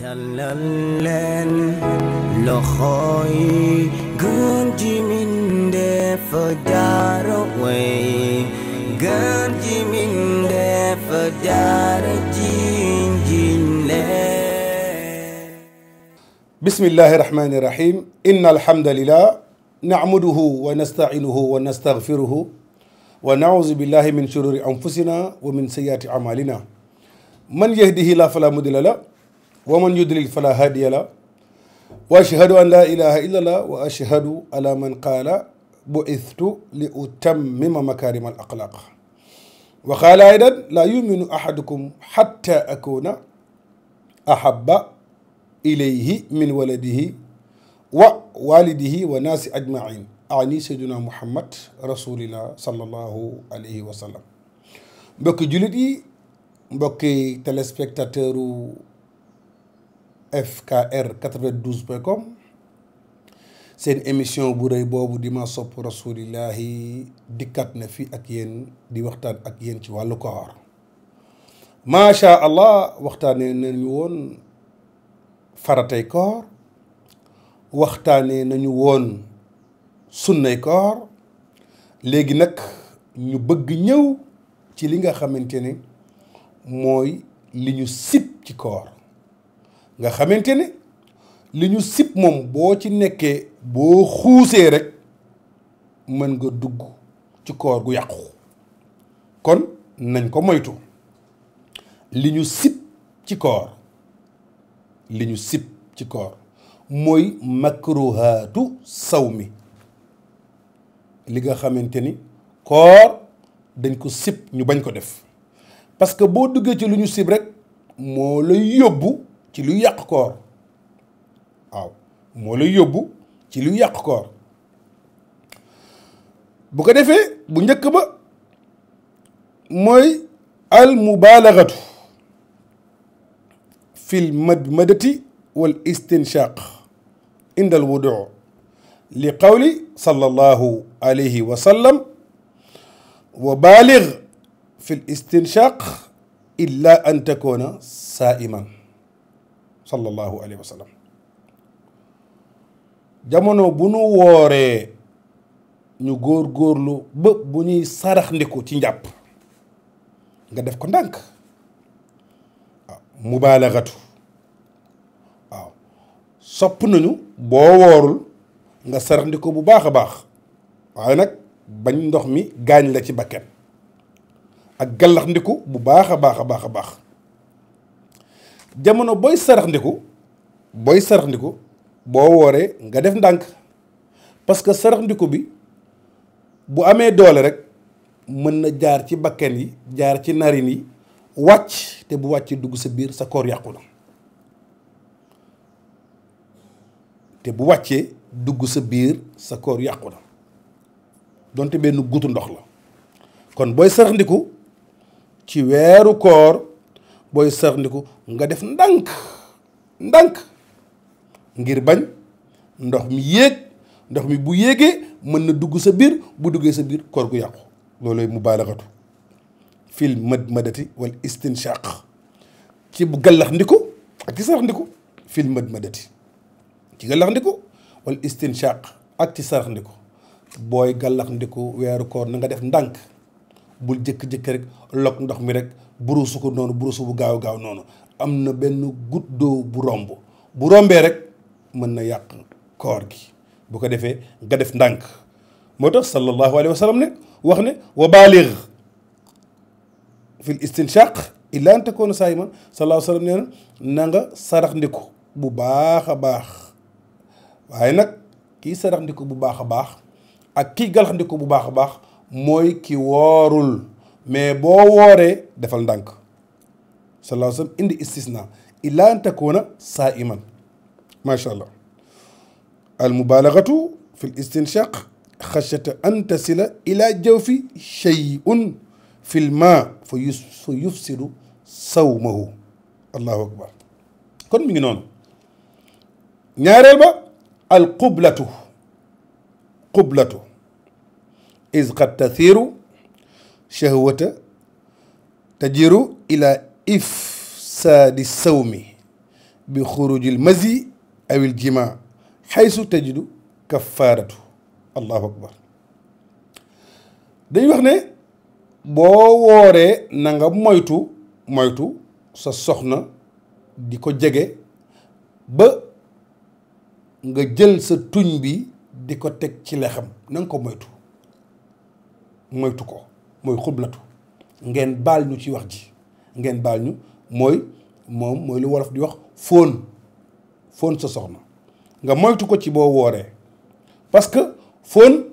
tàllal leen loxo yi gën ji mindeef jaara way gën ji mindeef jaara jiñ jiñ leen bismillahi irrahmani irrahim inna alhamdulillah nacmuduhu wa nastacinuhu wa nastagfiruhu wa nacuudu billahi min shururi anfusina wa min sayyiaati acmaalina man yahdihi laa falaa mudilla la waman yudlil fala hadiya la wa ashhadu an laa ilaha illa allah wa ashhadu ala man qaala buithtu li utammima makarima al axlaq wa qaala aydan laa yuminu ahadukum xatta akuna ahaba ilayhi min waladihi wa walidihi wa naasi ajmain ani sayduna muhammad rasulillah sallallahu alayhi wa sallam mbokki jullit yi mbokki téléspectateur fkr92.com seen émission bu rëy boobu di ma sopp rasulillahi dikkat na fi ak yéen di waxtaan ak yéen ci wàllu koor macha allah waxtaanee nañu woon faratay koor waxtaanee nañu woon sunnay koor léegi nag ñu bëgg ñëw ci li nga xamante ne mooy li ñu sib ci koor nga xamante ne li ñu sib moom boo ci nekkee boo xuusee rek mën nga dugg ci koor gu yàqu kon nañ ko moytu li ñu sib ci koor li ñu sib ci koor mooy makruhaatu saw mi li nga xamante ni koor dañ ko sib ñu bañ ko def parce que boo duggee ci lu ñu sib rek moo lay yóbbu ci luy yàq koor waaw moo lay yóbbu ci luy yàq koor bu ko defee bu njëkk ba mooy al mubalagatu fil madmadati wal istinshaq inda al wudu li qawli sallallahu alayhi wa sallam wa baalig fil istinshaq illa an takuna saiman sallallahu alayhi wa jamono bu nu wooree ñu góor góorlu ba bu ñuy sarax ci njàpp nga def ko ndànk waaw mubaalaxatu waaw sopp nañu boo woorul nga sarax bu baax a baax waaye nag bañ ndox mi gaañ la ci bakken ak gallax bu baax a baax a baax a baax jamono booy sarax booy sarax boo wooree nga def ndànk parce que sarax bi bu amee doole rek mën na jaar ci bakken yi jaar ci narin yi wàcc te bu wàcc dugg sa biir sa koor yàqu na te bu wàccee dugg sa biir sa koor yàqu na donte benn gutu ndox la kon booy sarax ci weeru koor booy sërndiku nga def ndànk ndànk ngir bañ ndox mi yéeg ndox mi bu yéegee mën na dugg sa biir bu duggee sa biir koor gu yàqu loolooy mubaalaxatu fil mad madati wal istinshaq ci bu gallax ndiku ak ci sarax ndiku fil mad madati ci gallax walla wal istinshaq ak ci sarax booy gallax weeru koor na nga def ndànk bul jëkk-jëkk rek lok ndox mi rek buruusu ko noonu burusu bu gaaw gaaw noonu am na benn goutte d'eau bu romb bu rombee rek mën na yàq koor gi bu ko defee nga def ndànk moo tax sallallahu alayhi wa sallam ne wax ne wa baaligh fil istinshaq illa an takuna saayiman sallallahu alayhi wa sallam nee na nga sarax ndiku bu baax a baax waaye nag kii sarax ndiku bu baax a baax ak kii galax ndiku bu baax a baax mooy ki woorul mais boo wooree defal ndànk sallallahu alayhi wa sallam indi istisna illa an takuna saa'iman macha allah al mubalagatu fi l istinshaq xashata an tasila ila jawfi shay'un fi l ma fa yus fa yufsidu sawmahu allahu akbar kon mi ngi noonu ñaareel ba al qublatu qublatu is qad tathiru shahwata tajiru ila ifsaadi sawmi bi xurujil mazi awil jima xaysu tajidu kafaaratu allahu akbar dañ wax ne boo wooree na nga moytu moytu sa soxna di ko jege ba nga jël sa tuñ bi di ko teg ci lexam nanga ko moytu moytu ko mooy xublatu ngeen baal ñu ci wax ji ngeen baal ñu mooy moom mooy lu wolof di wax fóon fóon sa soxna nga moytu ko ci boo wooree parce que fóon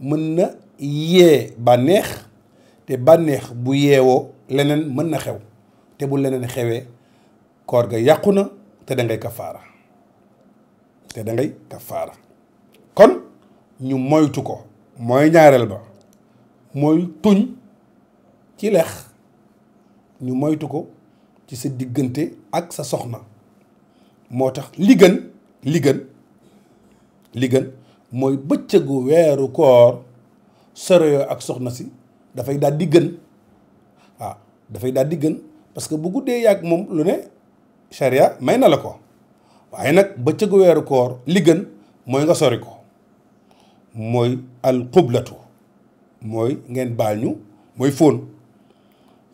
mën na yee bànneex te bànneex bu yeewoo leneen mën na xew te bu leneen xewee koor ga yàqu na te da ngay kafaara te da ngay kafaara kon ñu moytu ko mooy ñaareel ba mooy tuñ ci lex ñu moytu ko ci sa diggante ak sa soxna moo tax li gën li gën li gën mooy bëccëgu weeru koor soreyoo ak soxna si dafay daal di gën waaw dafay dal di gën parce que bu guddee yàgg moom lu ne charia may na la ko waaye nag bëccëgu weeru koor li gën mooy nga sori ko mooy al mooy ngeen baal mooy fóon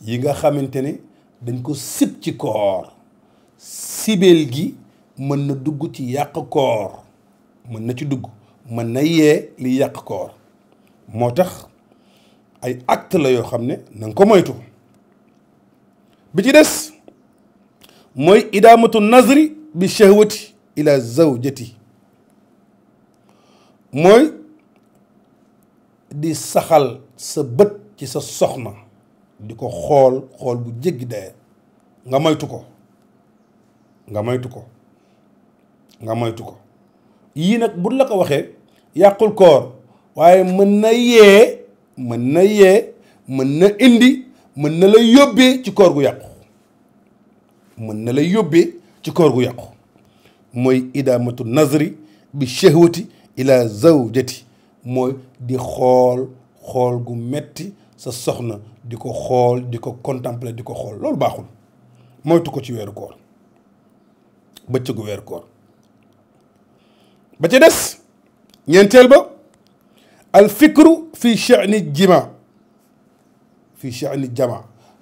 yi nga xamante ne dañ ko sib ci koor sibeel gi mën na dugg ci yàq koor mën na ci dugg mën na yee li yàq koor moo tax ay acte la yoo xam ne na ko moytu bi ci des mooy idaamatu nazri bi shahwati ila zawjati mooy di saxal sa bët ci sa soxna di ko xool xool bu jéggi dee nga moytu ko nga moytu ko nga moytu ko yii nag bu la ko waxee yàqul koor waaye mën na yee mën na yee mën na indi mën na la yóbbee ci koor gu yàqu mën na la yóbbee ci koor gu yàqu mooy idaamatu nazri bi shahwati ila zawjati mooy di xool xool gu metti sa soxna di ko xool di ko contempler di ko xool loolu baaxul moytu ko ci weeru koor bëccëgu weeru koor ba ca des ñeenteel ba al fikru fi sha'ni jima fi sha'ni jama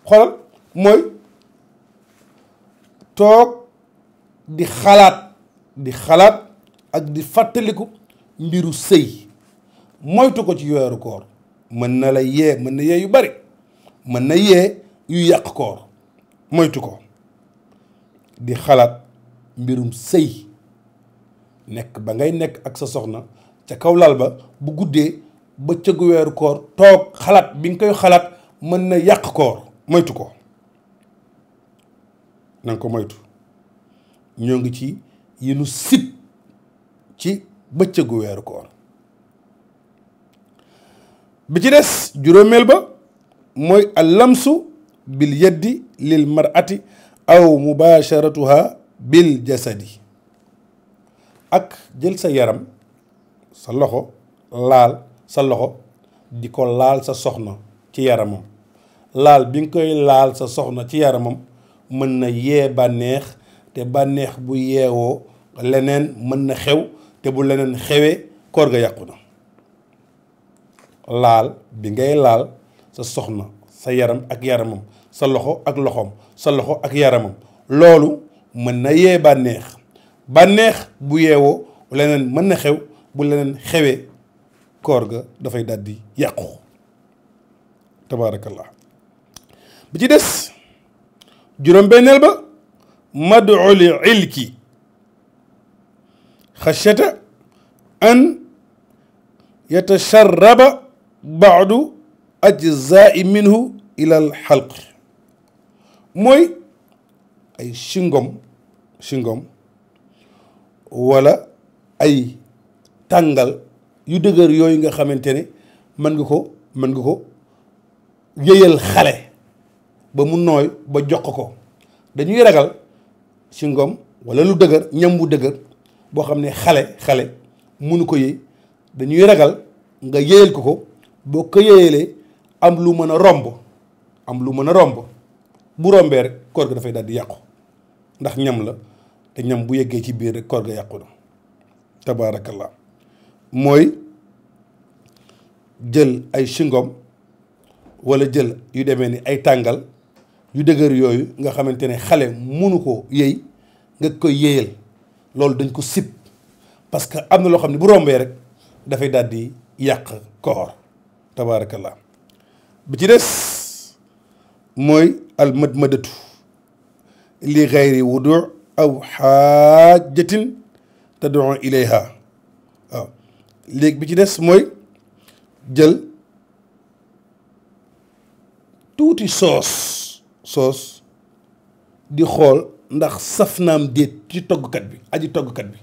xoolal mooy toog di xalaat di xalaat ak di fàttaliku mbiru sëy moytu ko ci weeru koor mën na la yee mën na yee yu bari mën na yee yu yàq koor moytu ko di xalaat mbirum sëy nekk ba ngay nekk ak sa soxna ca kaw lal ba bu guddee bëccëgu cëggu weeru koor toog xalaat bi nga koy xalaat mën na yàq koor moytu ko nanga ko moytu ñoo ngi ci yi nu sib ci bëccëgu weeru koor bi ci des juróomeel ba mooy alamsu bil yeddi lil marati aw mubasharatuha bil jasadi ak jël sa yaram sa loxo laal sa loxo di ko laal sa soxna ci yaramam laal bi nga koy laal sa soxna ci yaramam mën na yee bànneex te bànneex bu yeewoo leneen mën na xew te bu leneen xewee koor ga yàqu na laal bi ngay laal sa soxna sa yaram ak yaramam sa loxo ak loxoom sa loxo ak yaramam loolu mën na yee bànneex bànneex bu yeewoo leneen mën na xew bu leneen xewee koor ga dafay daldi yàqu tabaarakallah bi ci des juróom-benneel ba madu li ilki xashata an yatasharraba baadu ajzai minhu ilal xalq mooy ay singom singom wala ay tàngal yu dëgër yooyu nga xamante ne mën nga ko mën nga ko yëyal xale ba mu nooy ba jox ko dañuy ragal singom walla lu dëgër ñam bu dëgër boo xam ne xale xale mënu ko yëy dañuy ragal nga yëyal ko ko boo ko yéyelee am lu mën a romb am lu mën a romb bu rombee rek koor ga dafay daal di yàqu ndax ñam la te ñam bu yeggee ci biir rek koor ga yàqu na tabaarakallah mooy jël ay singom wala jël yu demee ni ay tàngal yu dëgër yooyu nga xamante ne xale mënu ko yëy nga koy yéyal loolu dañ ko sib parce que am na loo xam ne bu rombee rek dafay daal di yàq koor tabaarakallah bi ci des mooy almadmadatu li xayri wudu aw xaajatin tadu ilayha waaw léegi bi ci des mooy jël tuuti soos soos di xool ndax saf naam déet ci toggkat bi aji toggkat bi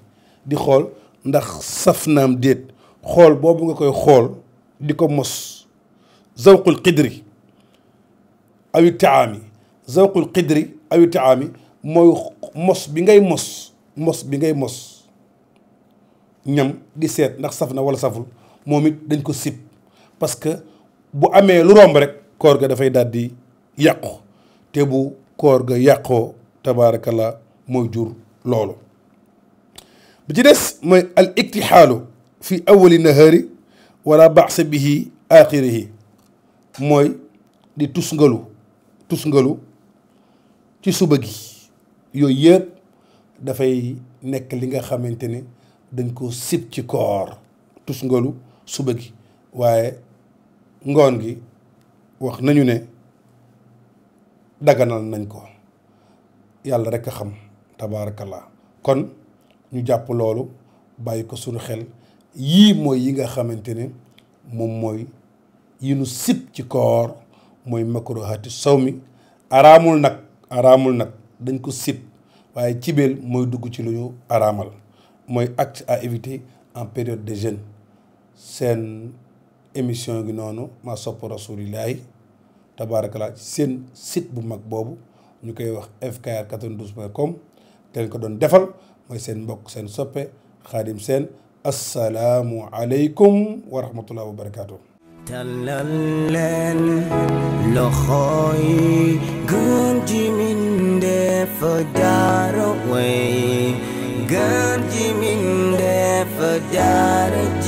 di xool ndax saf naam déet xool boobu nga koy xool di ko mos zawqul xidri awi taami zawqul xidri awi taami mooy mos bi ngay mos mos bi ngay mos ñam di seet ndax saf na wala saful moom it dañ ko sib parce que bu amee lu romb rek koor ga dafay daal di yàqu te bu koor ga yàqoo tabaarakalla mooy jur loolu bi ci des mooy al iktixaalu fi awali nahaari wala baax bihi axirihi mooy di tusngalu tusngalu ci suba gi yooyu yëpp dafay nekk li nga xamante ne dañ ko sib ci koor tusngalu suba gi waaye ngoon gi wax nañu ne daganal nañ ko yàlla rek a xam tabaarakallah kon ñu jàpp loolu bàyyi ko suñu xel yii mooy yi nga xamante ne moom mooy yi nu sib ci koor mooy makruhaati sow mi araamul nag araamul nag dañ ko sit waaye cibeel mooy dugg ci lu ñu araamal mooy acte à éviter en période de jeûne seen émission gi noonu maa sopp rasulillahi tabaarakalaa seen sit bu mag boobu ñu koy wax fkr 92 point com te ko doon defal mooy seen mbokk seen soppe xaadim seen assalaamu aleykum wa rahmatullahi wa barakaatu. tàllal leen loxo yi gën ji mindeef jaara way gën ji mindeef jaara